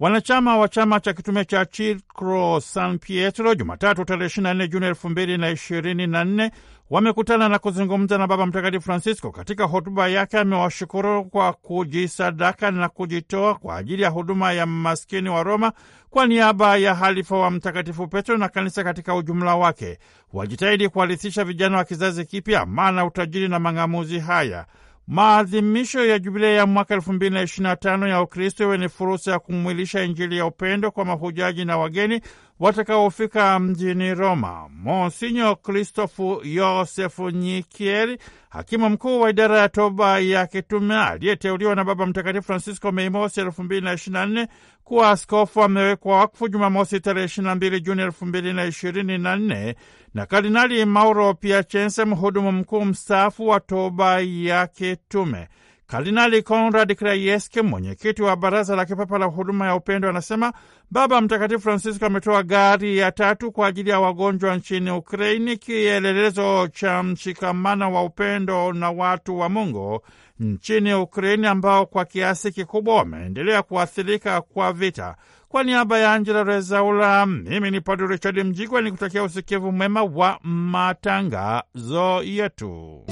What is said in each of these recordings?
Wanachama wa chama cha kitume cha Chicro San Pietro Jumatatu tarehe 24 Juni 2024 wamekutana na kuzungumza na Baba Mtakatifu Francisco. Katika hotuba yake amewashukuru kwa kujisadaka na kujitoa kwa ajili ya huduma ya maskini wa Roma kwa niaba ya halifa wa Mtakatifu Petro na kanisa katika ujumla wake. Wajitahidi kuhalisisha vijana wa kizazi kipya maana utajiri na mang'amuzi haya Maadhimisho ya jubilei ya mwaka elfu mbili na ishirini na tano ya Ukristo iwe ni fursa ya kumwilisha Injili ya upendo kwa mahujaji na wageni watakaofika mjini Roma. Monsinyo Kristofu Yosefu Nyikieri, hakimu mkuu wa idara ya toba ya kitume aliyeteuliwa na Baba Mtakatifu Francisco Mei Mosi elfu mbili na ishirini na nne kuwa askofu amewekwa wakfu Jumamosi tarehe ishirini na mbili Juni elfu mbili na ishirini na nne na Kardinali Mauro Piacense, mhudumu mkuu mstaafu wa toba ya kitume. Kardinali Konrad krayeski mwenyekiti wa Baraza la Kipapa la Huduma ya Upendo, anasema Baba Mtakatifu Francisco ametoa gari ya tatu kwa ajili ya wagonjwa nchini Ukraini, kielelezo cha mshikamano wa upendo na watu wa Mungu nchini Ukraini ambao kwa kiasi kikubwa wameendelea kuathirika kwa vita. Kwa niaba ya Angela Rezaula, mimi ni Padre Richard Mjigwa nikutakia usikivu mwema wa matangazo yetu.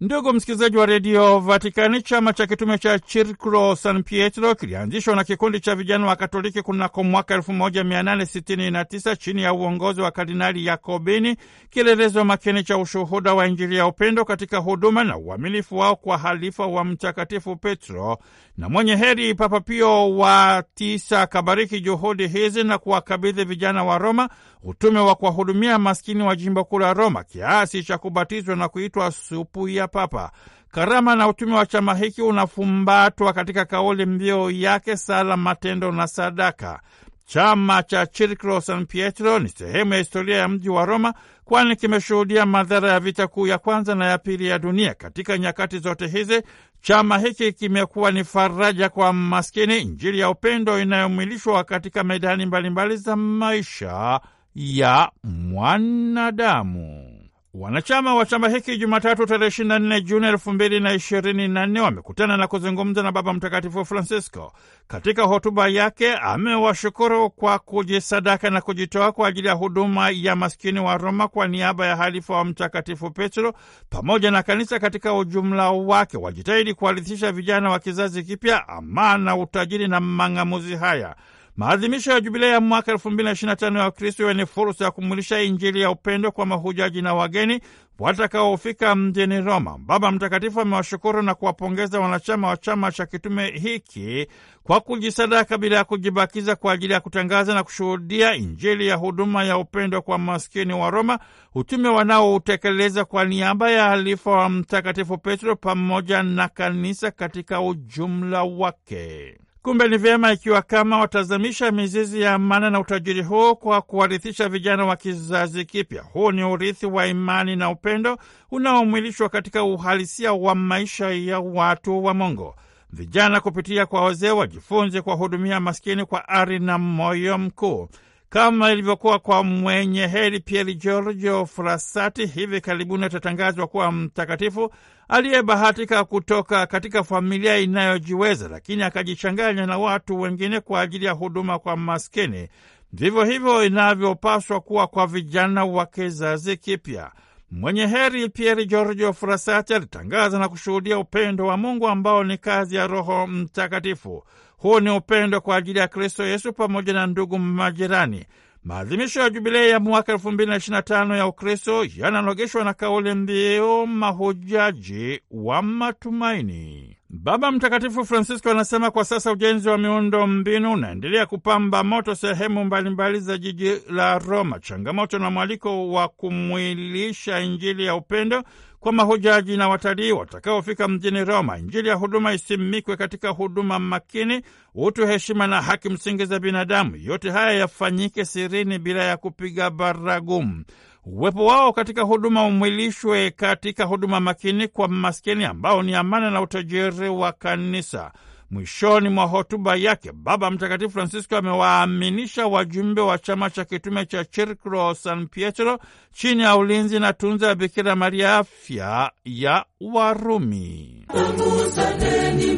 Ndugu msikilizaji wa redio Vatikani, chama cha kitume cha Chircolo San Pietro kilianzishwa na kikundi cha vijana wa Katoliki kunako mwaka 1869 chini ya uongozi wa Kardinali Yakobini, kielelezo makini cha ushuhuda wa Injili ya upendo katika huduma na uaminifu wao kwa halifa wa Mtakatifu Petro, na mwenye heri Papa Pio wa tisa akabariki juhudi hizi na kuwakabidhi vijana wa Roma utume wa kuwahudumia maskini wa jimbo kuu la Roma kiasi cha kubatizwa na kuitwa supu ya Papa. Karama na utume wa chama hiki unafumbatwa katika kauli mbiu yake sala, matendo na sadaka. Chama cha Chirco San Pietro ni sehemu ya historia ya mji wa Roma, kwani kimeshuhudia madhara ya vita kuu ya kwanza na ya pili ya dunia. Katika nyakati zote hizi, chama hiki kimekuwa ni faraja kwa maskini, Injili ya upendo inayomwilishwa katika medani mbalimbali za maisha ya mwanadamu. Wanachama wa chama hiki Jumatatu tarehe 24 Juni 2024 wamekutana na kuzungumza na Baba Mtakatifu Francisco. Katika hotuba yake amewashukuru kwa kujisadaka na kujitoa kwa ajili ya huduma ya maskini wa Roma kwa niaba ya halifa wa Mtakatifu Petro pamoja na kanisa katika ujumla wake. Wajitahidi kuharithisha vijana wa kizazi kipya amana, utajiri na mang'amuzi haya Maadhimisho ya jubilei ya mwaka elfu mbili na ishirini na tano ya Wakristo ni yaani fursa ya kumwilisha Injili ya upendo kwa mahujaji na wageni watakaofika mjini Roma. Baba Mtakatifu amewashukuru na kuwapongeza wanachama wa chama cha kitume hiki kwa kujisadaka bila ya kujibakiza kwa ajili ya kutangaza na kushuhudia Injili ya huduma ya upendo kwa maskini wa Roma, utume wanaoutekeleza kwa niaba ya halifa wa Mtakatifu Petro pamoja na kanisa katika ujumla wake. Kumbe ni vyema ikiwa kama watazamisha mizizi ya amana na utajiri huo kwa kuwarithisha vijana wa kizazi kipya. Huu ni urithi wa imani na upendo unaomwilishwa katika uhalisia wa maisha ya watu wa Mungu. Vijana kupitia kwa wazee wajifunze kuwahudumia maskini kwa ari na moyo mkuu kama ilivyokuwa kwa mwenye heri Pier Giorgio Frassati, hivi karibuni atatangazwa kuwa mtakatifu aliyebahatika kutoka katika familia inayojiweza, lakini akajichanganya na watu wengine kwa ajili ya huduma kwa maskini. Vivyo hivyo inavyopaswa kuwa kwa vijana wa kizazi kipya. Mwenye heri Pier Giorgio Frassati alitangaza na kushuhudia upendo wa Mungu ambao ni kazi ya Roho Mtakatifu. Huu ni upendo kwa ajili ya Kristo Yesu pamoja na ndugu majirani. Maadhimisho ya jubilei ya mwaka elfu mbili na ishirini na tano ya Ukristo yananogeshwa na kauli mbiu mahujaji wa matumaini. Baba Mtakatifu Francisco anasema kwa sasa ujenzi wa miundo mbinu unaendelea kupamba moto sehemu mbalimbali za jiji la Roma. Changamoto na mwaliko wa kumwilisha Injili ya upendo kwa mahujaji na watalii watakaofika mjini Roma. Injili ya huduma isimikwe katika huduma makini, utu, heshima na haki msingi za binadamu. Yote haya yafanyike sirini bila ya kupiga baragumu. Uwepo wao katika huduma umwilishwe katika huduma makini kwa maskini, ambao ni amana na utajiri wa kanisa. Mwishoni mwa hotuba yake, Baba Mtakatifu Francisco amewaaminisha wajumbe wa chama cha kitume cha Circolo San Pietro chini ya ulinzi na tunza ya Bikira Maria, afya ya Warumi.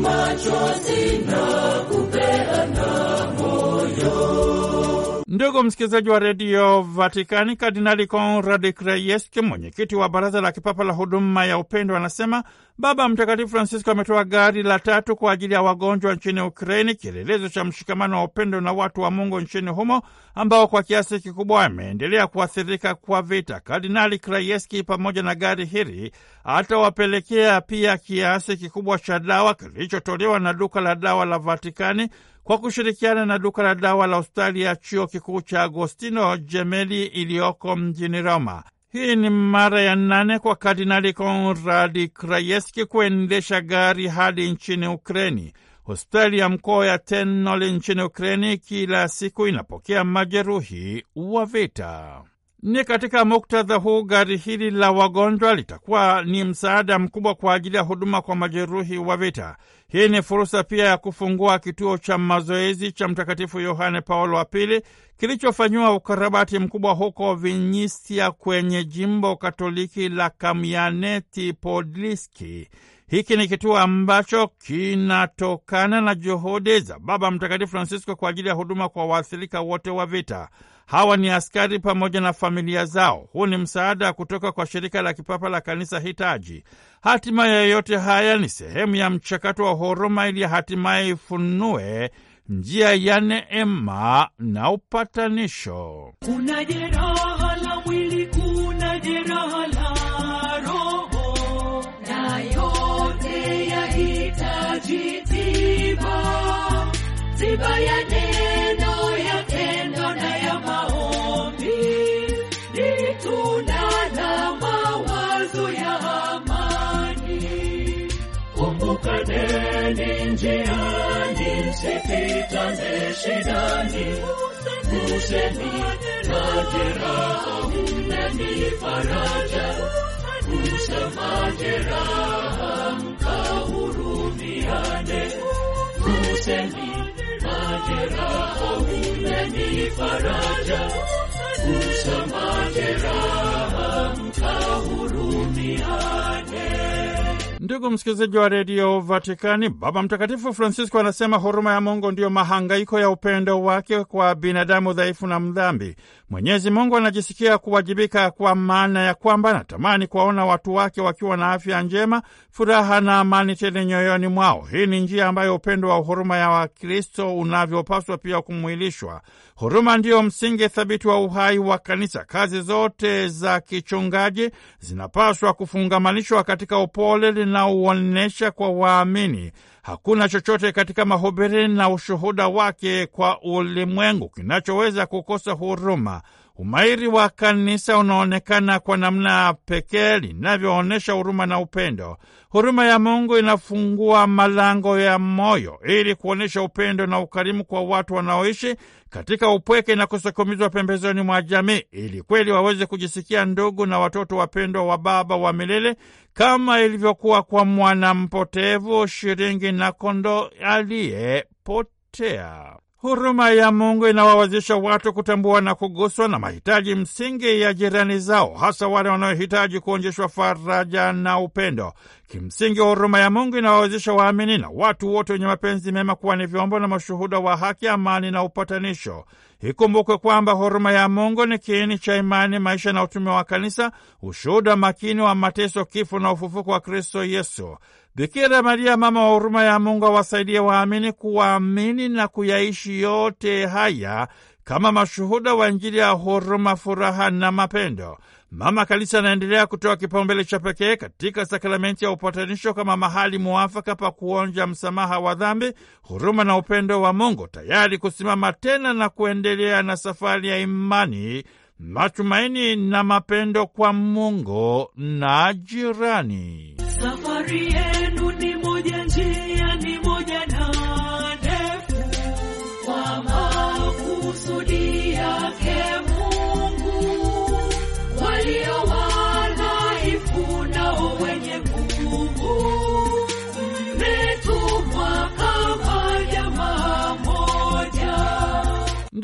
machozi na kupeana moyo Ndugu msikilizaji wa redio Vatikani, Kardinali conrad Krayeski, mwenyekiti wa baraza la kipapa la huduma ya upendo, anasema Baba Mtakatifu Francisco ametoa gari la tatu kwa ajili ya wagonjwa nchini Ukraini, kielelezo cha mshikamano wa upendo na watu wa Mungu nchini humo ambao kwa kiasi kikubwa ameendelea kuathirika kwa vita. Kardinali Krayeski pamoja na gari hili atawapelekea pia kiasi kikubwa cha dawa kilichotolewa na duka la dawa la Vatikani kwa kushirikiana na duka la dawa la hospitali ya chuo kikuu cha Agostino jemeli iliyoko mjini Roma. Hii ni mara ya nane kwa Kardinali Konradi Krayeski kuendesha gari hadi nchini Ukreni. Hospitali ya mkoa ya Ternoli nchini Ukreni kila siku inapokea majeruhi wa vita. Ni katika muktadha huu gari hili la wagonjwa litakuwa ni msaada mkubwa kwa ajili ya huduma kwa majeruhi wa vita. Hii ni fursa pia ya kufungua kituo cha mazoezi cha Mtakatifu Yohane Paulo wa Pili kilichofanyiwa ukarabati mkubwa huko Vinyisia kwenye jimbo Katoliki la Kamianeti Podliski. Hiki ni kituo ambacho kinatokana na juhudi za Baba Mtakatifu Francisco kwa ajili ya huduma kwa waathirika wote wa vita. Hawa ni askari pamoja na familia zao. Huu ni msaada kutoka kwa shirika la kipapa la kanisa hitaji. Hatima ya yote haya ni sehemu ya mchakato wa huruma, ili hatimaye ifunue njia ya neema na upatanisho. Kuna jeraha la mwili, kuna jeraha la roho, na yote yahitaji tiba, tiba ya shidani kusheni majeraha ummenifaraja kushe majeraha mkahurumiane kusheni majeraha ummenifaraja kushe Ndugu msikilizaji wa redio Vatikani, Baba Mtakatifu Francisco anasema huruma ya Mungu ndiyo mahangaiko ya upendo wake kwa binadamu dhaifu na mdhambi. Mwenyezi Mungu anajisikia kuwajibika kwa maana ya kwamba anatamani kuwaona watu wake wakiwa na afya njema, furaha na amani tele nyoyoni mwao. Hii ni njia ambayo upendo wa huruma ya Wakristo unavyopaswa pia kumwilishwa. Huruma ndiyo msingi thabiti wa uhai wa kanisa. Kazi zote za kichungaji zinapaswa kufungamanishwa katika upole linaoonyesha kwa waamini. Hakuna chochote katika mahubiri na ushuhuda wake kwa ulimwengu kinachoweza kukosa huruma. Umahiri wa kanisa unaonekana kwa namna pekee linavyoonyesha huruma na upendo. Huruma ya Mungu inafungua malango ya moyo ili kuonyesha upendo na ukarimu kwa watu wanaoishi katika upweke na kusukumizwa pembezoni mwa jamii, ili kweli waweze kujisikia ndugu na watoto wapendwa wa Baba wa milele, kama ilivyokuwa kwa mwana mpotevu, shilingi na kondoo aliyepotea. Huruma ya Mungu inawawezesha watu kutambua na kuguswa na mahitaji msingi ya jirani zao, hasa wale wanaohitaji kuonjeshwa faraja na upendo. Kimsingi, huruma ya Mungu inawawezesha waamini na watu wote wenye mapenzi mema kuwa ni vyombo na mashuhuda wa haki, amani na upatanisho. Ikumbukwe kwamba huruma ya Mungu ni kiini cha imani, maisha na utume wa Kanisa, ushuhuda makini wa mateso, kifo na ufufuko wa Kristo Yesu. Bikira Maria, mama wa huruma ya Mungu, awasaidie waamini kuwaamini na kuyaishi yote haya kama mashuhuda wa Injili ya huruma, furaha na mapendo. Mama Kanisa anaendelea kutoa kipaumbele cha pekee katika sakramenti ya upatanisho kama mahali muafaka pa kuonja msamaha wa dhambi, huruma na upendo wa Mungu, tayari kusimama tena na kuendelea na safari ya imani, matumaini na mapendo kwa Mungu na jirani. Safari yenu ni moja njia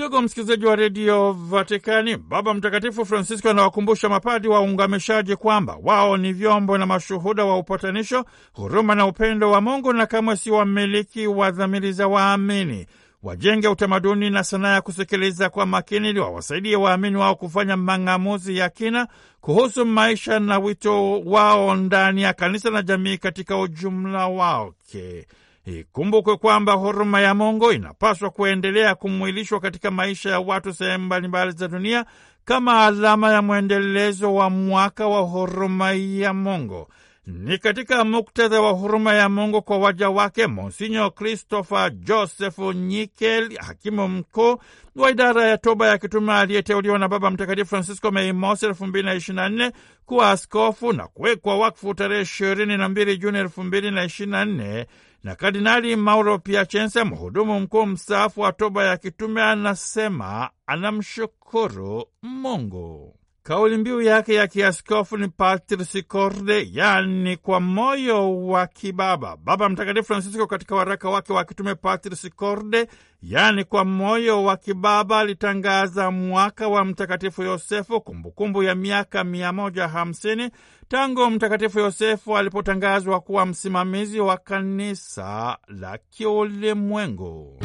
Ndugu msikilizaji wa redio Vatikani, Baba Mtakatifu Francisco anawakumbusha mapadi waungamishaji kwamba wao ni vyombo na mashuhuda wa upatanisho, huruma na upendo wa Mungu, na kamwe si wamiliki wa dhamiri za waamini. Wajenge utamaduni na sanaa ya kusikiliza kwa makini, ili wawasaidie waamini wao kufanya mang'amuzi ya kina kuhusu maisha na wito wao ndani ya kanisa na jamii katika ujumla wake. Ikumbukwe kwamba huruma ya Mungu inapaswa kuendelea kumwilishwa katika maisha ya watu sehemu mbalimbali za dunia kama alama ya mwendelezo wa mwaka wa huruma ya Mungu. Ni katika muktadha wa huruma ya Mungu kwa waja wake, Monsinyo Christopher josephu Nyikel, hakimu mkuu wa idara ya toba ya kitume aliyeteuliwa na Baba Mtakatifu Francisco Mei Mosi elfu mbili na ishirini na nne kuwa askofu na kuwekwa wakfu tarehe ishirini na mbili Juni elfu mbili na ishirini na nne na Kardinali Mauro Piacenza, mhudumu mkuu mstaafu wa toba ya kitume, anasema anamshukuru Mungu. Kauli mbiu yake ya kiaskofu ni Patris Corde, yani kwa moyo wa kibaba. Baba Mtakatifu Francisco katika waraka wake wa kitume Patris Corde, yani kwa moyo wa kibaba, alitangaza mwaka wa Mtakatifu Yosefu, kumbukumbu ya miaka 150 tangu Mtakatifu Yosefu alipotangazwa kuwa msimamizi wa kanisa la kiulimwengu.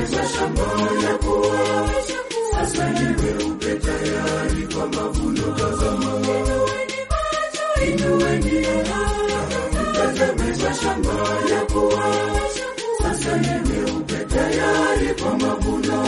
Tengeneza shamba sasa, tayari kwa mavuno. Tazama, inueni shamba sasa, tayari kwa mavuno.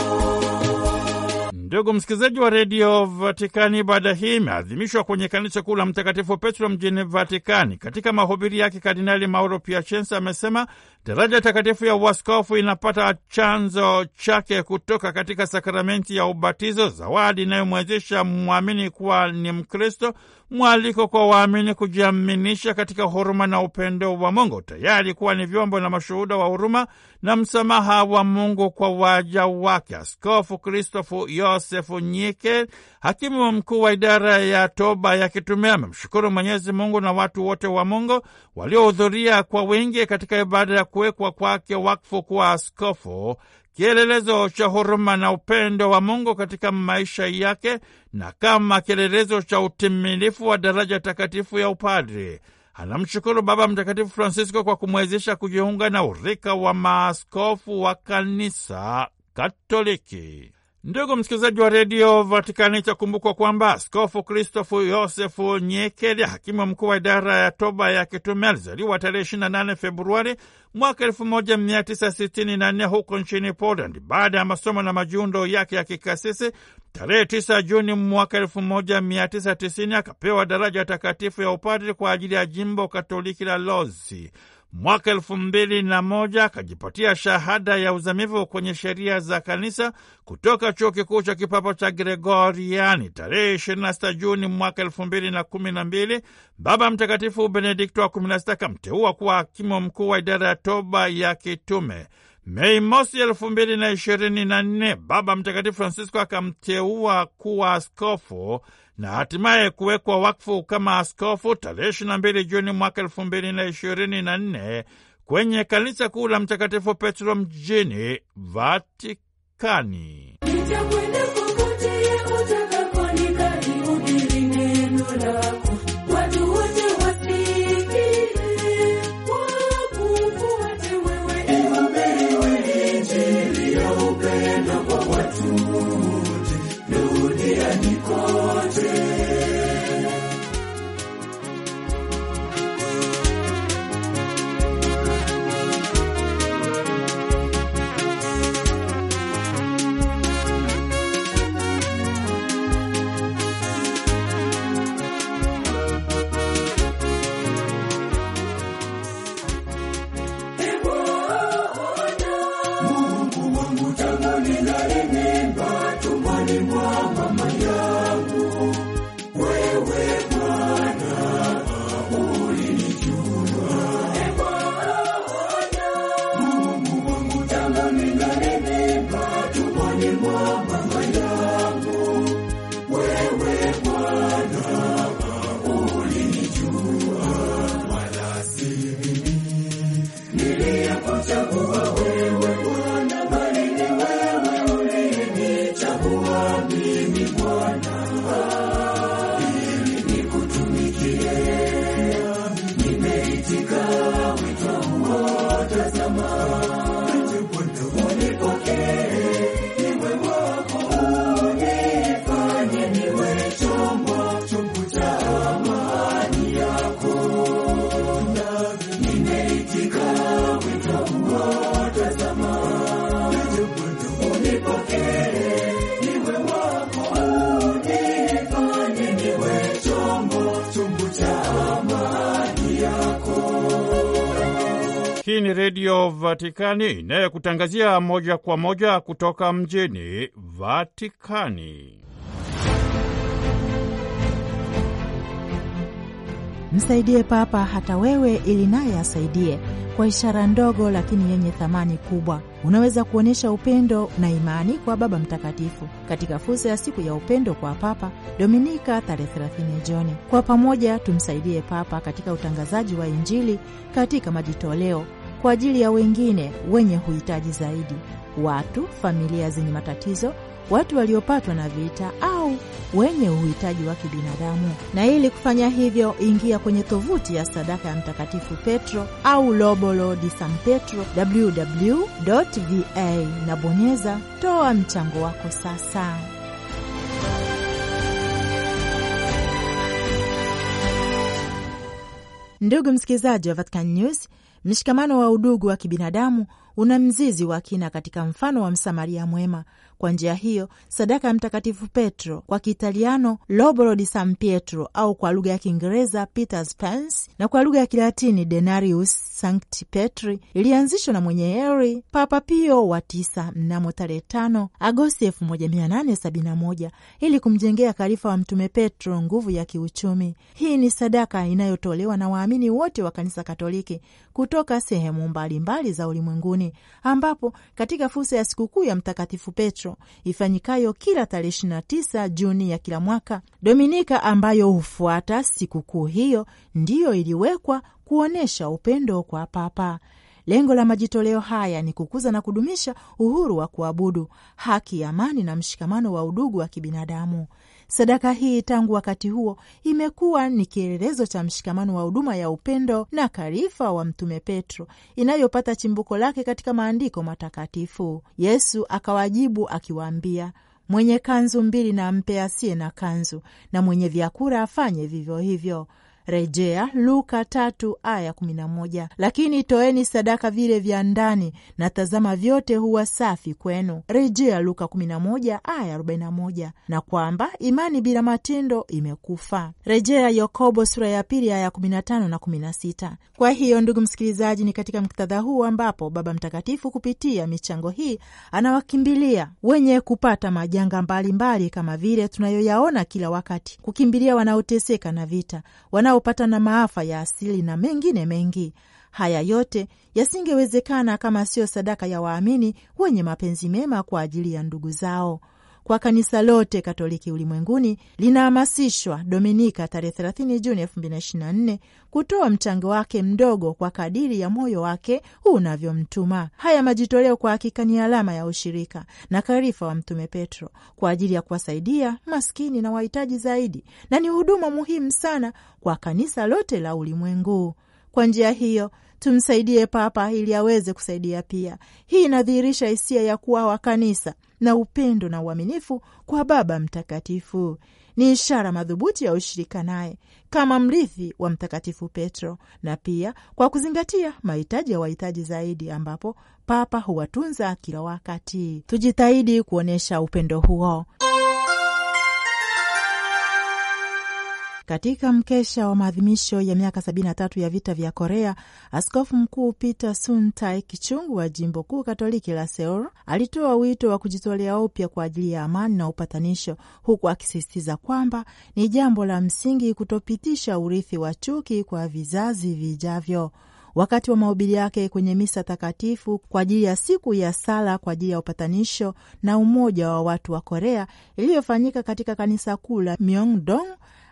Ndugu msikilizaji wa redio Vatikani, ibada hii imeadhimishwa kwenye kanisa kuu la Mtakatifu Petro mjini Vatikani. Katika mahubiri yake, Kardinali Mauro Piacenza amesema Daraja takatifu ya uaskofu inapata chanzo chake kutoka katika sakramenti ya ubatizo, zawadi inayomwezesha mwamini kuwa ni Mkristo, mwaliko kwa waamini kujiaminisha katika huruma na upendo wa Mungu, tayari kuwa ni vyombo na mashuhuda wa huruma na msamaha wa Mungu kwa waja wake. Askofu Kristofu Yosefu Nyike, hakimu mkuu wa idara ya toba ya kitume, amemshukuru Mwenyezi Mungu na watu wote wa Mungu waliohudhuria kwa wingi katika ibada ya kuwekwa kwake wakfu kuwa askofu, kielelezo cha huruma na upendo wa Mungu katika maisha yake na kama kielelezo cha utimilifu wa daraja takatifu ya upadri. Anamshukuru Baba Mtakatifu Francisco kwa kumwezesha kujiunga na urika wa maaskofu wa Kanisa Katoliki. Ndugu msikilizaji wa redio Vatikani, itakumbukwa kwamba Askofu Kristofu Yosefu Nyekeli, hakimu mkuu wa idara ya toba ya kitume, alizaliwa tarehe 28 Februari mwaka 1964 huko nchini Poland. Baada ya masomo na majiundo yake ya kikasisi, tarehe 9 Juni mwaka 1990 akapewa daraja takatifu ya upadri kwa ajili ya jimbo Katoliki la Lozi. Mwaka elfu mbili na moja akajipatia shahada ya uzamivu kwenye sheria za kanisa kutoka chuo kikuu cha kipapa cha Gregoriani. Tarehe 26 Juni mwaka elfu mbili na kumi na mbili Baba Mtakatifu Benedikto wa 16 akamteua kuwa hakimu mkuu wa idara ya toba ya kitume. Mei mosi elfu mbili na ishirini na nne Baba Mtakatifu Francisco akamteua kuwa askofu na hatimaye kuwekwa wakfu kama askofu tarehe 22 Juni mwaka 2024 kwenye kanisa kuu la Mtakatifu Petro mjini Vatikani. Not in ni Redio Vatikani inayokutangazia moja kwa moja kutoka mjini Vatikani. Msaidie Papa hata wewe, ili naye asaidie. Kwa ishara ndogo lakini yenye thamani kubwa, unaweza kuonyesha upendo na imani kwa Baba Mtakatifu katika fursa ya siku ya upendo kwa Papa, Dominika tarehe 30 Juni. Kwa pamoja tumsaidie Papa katika utangazaji wa Injili, katika majitoleo kwa ajili ya wengine wenye uhitaji zaidi, watu, familia zenye matatizo, watu waliopatwa na vita au wenye uhitaji wa kibinadamu. Na ili kufanya hivyo, ingia kwenye tovuti ya sadaka ya Mtakatifu Petro au Lobolo di San Petro www.va na bonyeza toa mchango wako sasa. Ndugu msikilizaji wa Vatican News, mshikamano wa udugu wa kibinadamu una mzizi wa kina katika mfano wa Msamaria mwema. Kwa njia hiyo, sadaka ya Mtakatifu Petro kwa Kiitaliano Loboro di San Pietro au kwa lugha ya Kiingereza Peter's Pence na kwa lugha ya Kilatini Denarius Sancti Petri ilianzishwa na mwenye heri Papa Pio wa tisa mnamo tarehe 5 Agosti 1871 ili kumjengea karifa wa Mtume Petro nguvu ya kiuchumi. Hii ni sadaka inayotolewa na waamini wote wa Kanisa Katoliki kutoka sehemu mbalimbali mbali za ulimwenguni Vatikani, ambapo katika fursa ya sikukuu ya Mtakatifu Petro ifanyikayo kila tarehe 29 Juni ya kila mwaka, Dominika ambayo hufuata sikukuu hiyo ndiyo iliwekwa kuonyesha upendo kwa Papa. Lengo la majitoleo haya ni kukuza na kudumisha uhuru wa kuabudu, haki, amani na mshikamano wa udugu wa kibinadamu. Sadaka hii tangu wakati huo imekuwa ni kielelezo cha mshikamano wa huduma ya upendo na karifa wa Mtume Petro inayopata chimbuko lake katika maandiko matakatifu. Yesu akawajibu akiwaambia, mwenye kanzu mbili na mpe asiye na kanzu, na mwenye vyakula afanye vivyo hivyo rejea Luka tatu aya kumi na moja. Lakini toeni sadaka vile vya ndani na tazama, vyote huwa safi kwenu, rejea Luka kumi na moja aya arobaini na moja, na kwamba imani bila matendo imekufa, rejea Yakobo sura ya pili aya kumi na tano na kumi na sita. Kwa hiyo ndugu msikilizaji, ni katika muktadha huu ambapo Baba Mtakatifu kupitia michango hii anawakimbilia wenye kupata majanga mbalimbali mbali kama vile tunayoyaona kila wakati, kukimbilia wanaoteseka na vita wana wanaopata na maafa ya asili na mengine mengi. Haya yote yasingewezekana kama siyo sadaka ya waamini wenye mapenzi mema kwa ajili ya ndugu zao kwa kanisa lote Katoliki ulimwenguni linahamasishwa Dominika tarehe 30 Juni 2024 kutoa mchango wake mdogo kwa kadiri ya moyo wake unavyomtuma. Haya majitoleo kwa hakika ni alama ya ushirika na karifa wa Mtume Petro kwa ajili ya kuwasaidia maskini na wahitaji zaidi, na ni huduma muhimu sana kwa kanisa lote la ulimwengu. Kwa njia hiyo tumsaidie Papa ili aweze kusaidia pia. Hii inadhihirisha hisia ya kuwa wa kanisa na upendo na uaminifu kwa Baba Mtakatifu. Ni ishara madhubuti ya ushirika naye kama mrithi wa Mtakatifu Petro, na pia kwa kuzingatia mahitaji ya wahitaji zaidi, ambapo Papa huwatunza kila wakati. Tujitahidi kuonyesha upendo huo. Katika mkesha wa maadhimisho ya miaka 73 ya vita vya Korea, askofu mkuu Peter Suntai Kichungu wa jimbo kuu katoliki la Seoul alitoa wito wa kujitolea upya kwa ajili ya amani na upatanisho, huku akisisitiza kwamba ni jambo la msingi kutopitisha urithi wa chuki kwa vizazi vijavyo. Wakati wa mahubiri yake kwenye misa takatifu kwa ajili ya siku ya sala kwa ajili ya upatanisho na umoja wa watu wa Korea iliyofanyika katika kanisa kuu la Myeongdong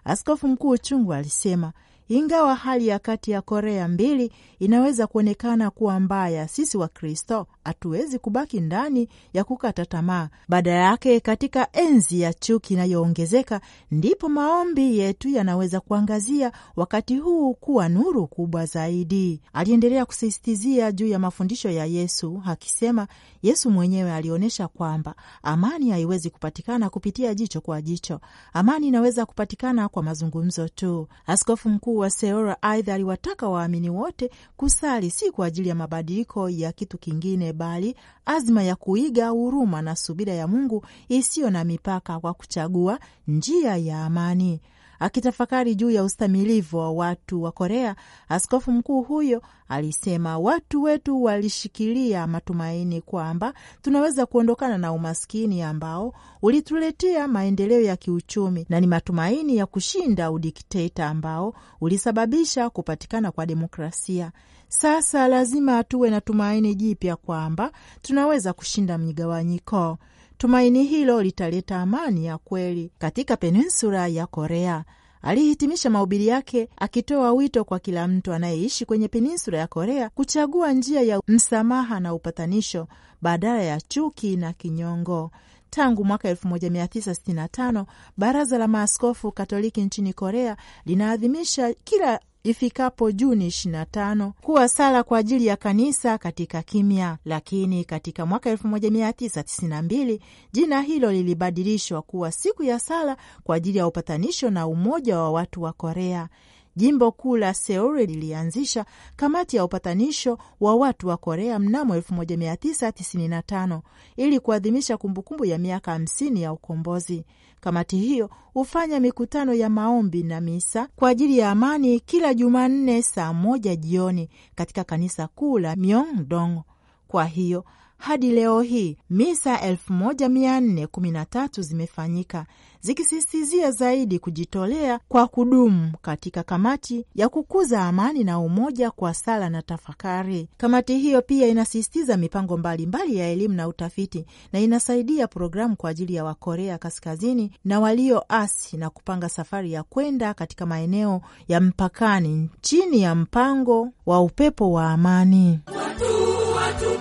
Askofu mkuu Chungwa alisema ingawa hali ya kati ya Korea mbili inaweza kuonekana kuwa mbaya, sisi Wakristo hatuwezi kubaki ndani ya kukata tamaa. Badala yake, katika enzi ya chuki inayoongezeka, ndipo maombi yetu yanaweza kuangazia wakati huu kuwa nuru kubwa zaidi. Aliendelea kusisitizia juu ya mafundisho ya Yesu akisema, Yesu mwenyewe alionyesha kwamba amani haiwezi kupatikana kupitia jicho kwa jicho. Amani inaweza kupatikana kwa mazungumzo tu. Askofu mkuu wa Seora aidha aliwataka waamini wote kusali si kwa ajili ya mabadiliko ya kitu kingine, bali azma ya kuiga huruma na subira ya Mungu isiyo na mipaka kwa kuchagua njia ya amani. Akitafakari juu ya ustamilivu wa watu wa Korea, askofu mkuu huyo alisema, watu wetu walishikilia matumaini kwamba tunaweza kuondokana na umaskini ambao ulituletea maendeleo ya kiuchumi na ni matumaini ya kushinda udikteta ambao ulisababisha kupatikana kwa demokrasia. Sasa lazima tuwe na tumaini jipya kwamba tunaweza kushinda migawanyiko. Tumaini hilo litaleta amani ya kweli katika peninsula ya Korea. Alihitimisha mahubiri yake akitoa wito kwa kila mtu anayeishi kwenye peninsula ya Korea kuchagua njia ya msamaha na upatanisho badala ya chuki na kinyongo. Tangu mwaka 1965 baraza la maaskofu Katoliki nchini Korea linaadhimisha kila ifikapo Juni 25 kuwa sala kwa ajili ya kanisa katika kimya, lakini katika mwaka 1992 jina hilo lilibadilishwa kuwa siku ya sala kwa ajili ya upatanisho na umoja wa watu wa Korea. Jimbo kuu la Seuri lilianzisha kamati ya upatanisho wa watu wa Korea mnamo 1995 ili kuadhimisha kumbukumbu ya miaka 50 ya ukombozi. Kamati hiyo hufanya mikutano ya maombi na misa kwa ajili ya amani kila Jumanne saa moja jioni katika kanisa kuu la Myeongdong. Kwa hiyo hadi leo hii misa 1413 zimefanyika zikisisitizia zaidi kujitolea kwa kudumu katika kamati ya kukuza amani na umoja kwa sala na tafakari. Kamati hiyo pia inasisitiza mipango mbalimbali mbali ya elimu na utafiti na inasaidia programu kwa ajili ya Wakorea Kaskazini na walioasi na kupanga safari ya kwenda katika maeneo ya mpakani chini ya mpango wa upepo wa amani. Watu, watu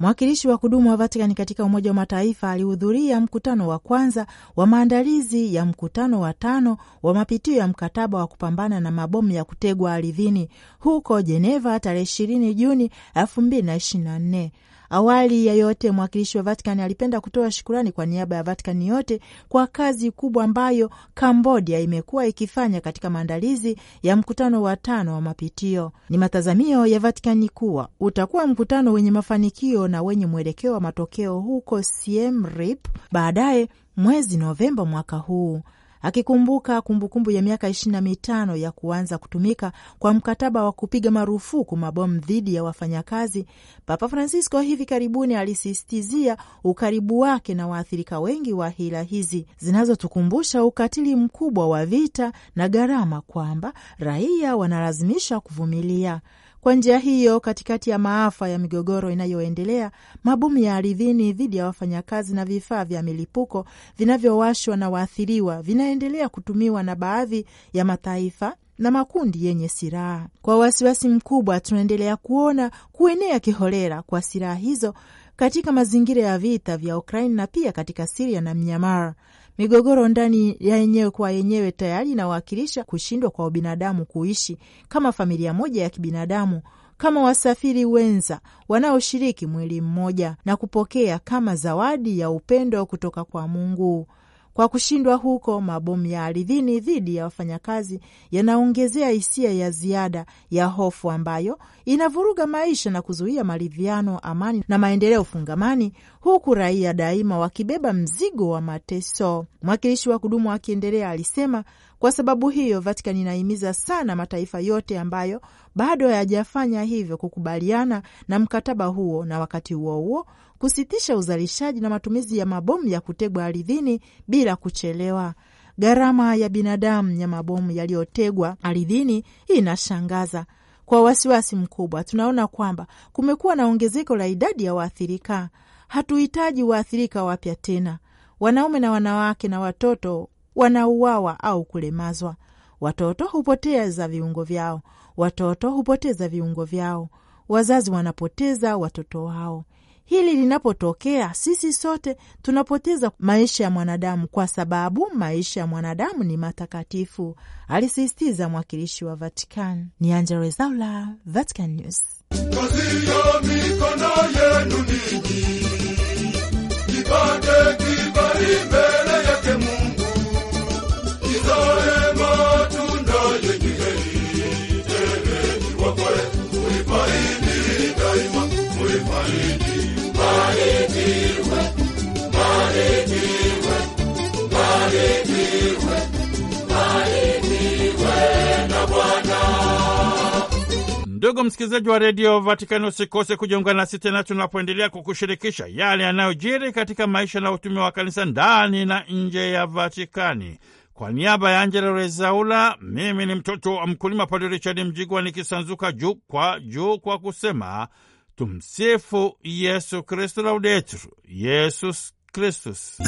Mwakilishi wa kudumu wa Vatikani katika Umoja wa Mataifa alihudhuria mkutano wa kwanza wa maandalizi ya mkutano wa tano wa mapitio ya mkataba wa kupambana na mabomu ya kutegwa ardhini huko Jeneva tarehe 20 Juni 2024 Awali ya yote, mwakilishi wa Vatikani alipenda kutoa shukurani kwa niaba ya Vatikani yote kwa kazi kubwa ambayo Kambodia imekuwa ikifanya katika maandalizi ya mkutano wa tano wa mapitio. Ni matazamio ya Vatikani kuwa utakuwa mkutano wenye mafanikio na wenye mwelekeo wa matokeo huko Siem Reap baadaye mwezi Novemba mwaka huu akikumbuka kumbukumbu ya miaka ishirini na mitano ya kuanza kutumika kwa mkataba wa kupiga marufuku mabomu dhidi ya wafanyakazi, Papa Francisco hivi karibuni alisisitizia ukaribu wake na waathirika wengi wa hila hizi zinazotukumbusha ukatili mkubwa wa vita na gharama, kwamba raia wanalazimisha kuvumilia kwa njia hiyo, katikati ya maafa ya migogoro inayoendelea, mabomu ya ardhini dhidi ya wafanyakazi na vifaa vya milipuko vinavyowashwa na waathiriwa vinaendelea kutumiwa na baadhi ya mataifa na makundi yenye silaha. Kwa wasiwasi mkubwa, tunaendelea kuona kuenea kiholera kwa silaha hizo katika mazingira ya vita vya Ukraine na pia katika Siria na Myanmar. Migogoro ndani ya yenyewe kwa yenyewe tayari inawakilisha kushindwa kwa ubinadamu kuishi kama familia moja ya kibinadamu, kama wasafiri wenza wanaoshiriki mwili mmoja na kupokea kama zawadi ya upendo kutoka kwa Mungu. Kwa kushindwa huko, mabomu ya ardhini dhidi ya wafanyakazi yanaongezea hisia ya ziada ya hofu ambayo inavuruga maisha na kuzuia maridhiano, amani na maendeleo fungamani, huku raia daima wakibeba mzigo wa mateso. Mwakilishi wa kudumu akiendelea alisema kwa sababu hiyo, Vatican inahimiza sana mataifa yote ambayo bado hayajafanya hivyo kukubaliana na mkataba huo na wakati huo huo kusitisha uzalishaji na matumizi ya mabomu ya kutegwa ardhini bila kuchelewa. Gharama ya binadamu ya mabomu yaliyotegwa ardhini inashangaza. Kwa wasiwasi mkubwa, tunaona kwamba kumekuwa na ongezeko la idadi ya waathirika. Hatuhitaji waathirika wapya tena. Wanaume na wanawake na watoto wanauawa au kulemazwa. Watoto hupoteza viungo vyao, watoto hupoteza viungo vyao, wazazi wanapoteza watoto wao. Hili linapotokea, sisi sote tunapoteza maisha ya mwanadamu, kwa sababu maisha ya mwanadamu ni matakatifu, alisisitiza mwakilishi wa Vatican. Ni Angella Rwezaula, Vatican News. Kaziyo mikono yenu ipate kibali Ndugu msikilizaji wa redio Vatikani, usikose kujiunga nasi tena tunapoendelea kukushirikisha yale yanayojiri katika maisha na utumi wa kanisa ndani na nje ya Vatikani. Kwa niaba ya Angela Rezaula, mimi ni mtoto wa mkulima Padre Richard Mjigwa nikisanzuka juu kwa juu kwa kusema tumsifu Yesu Kristu, laudetur Yesus Kristus.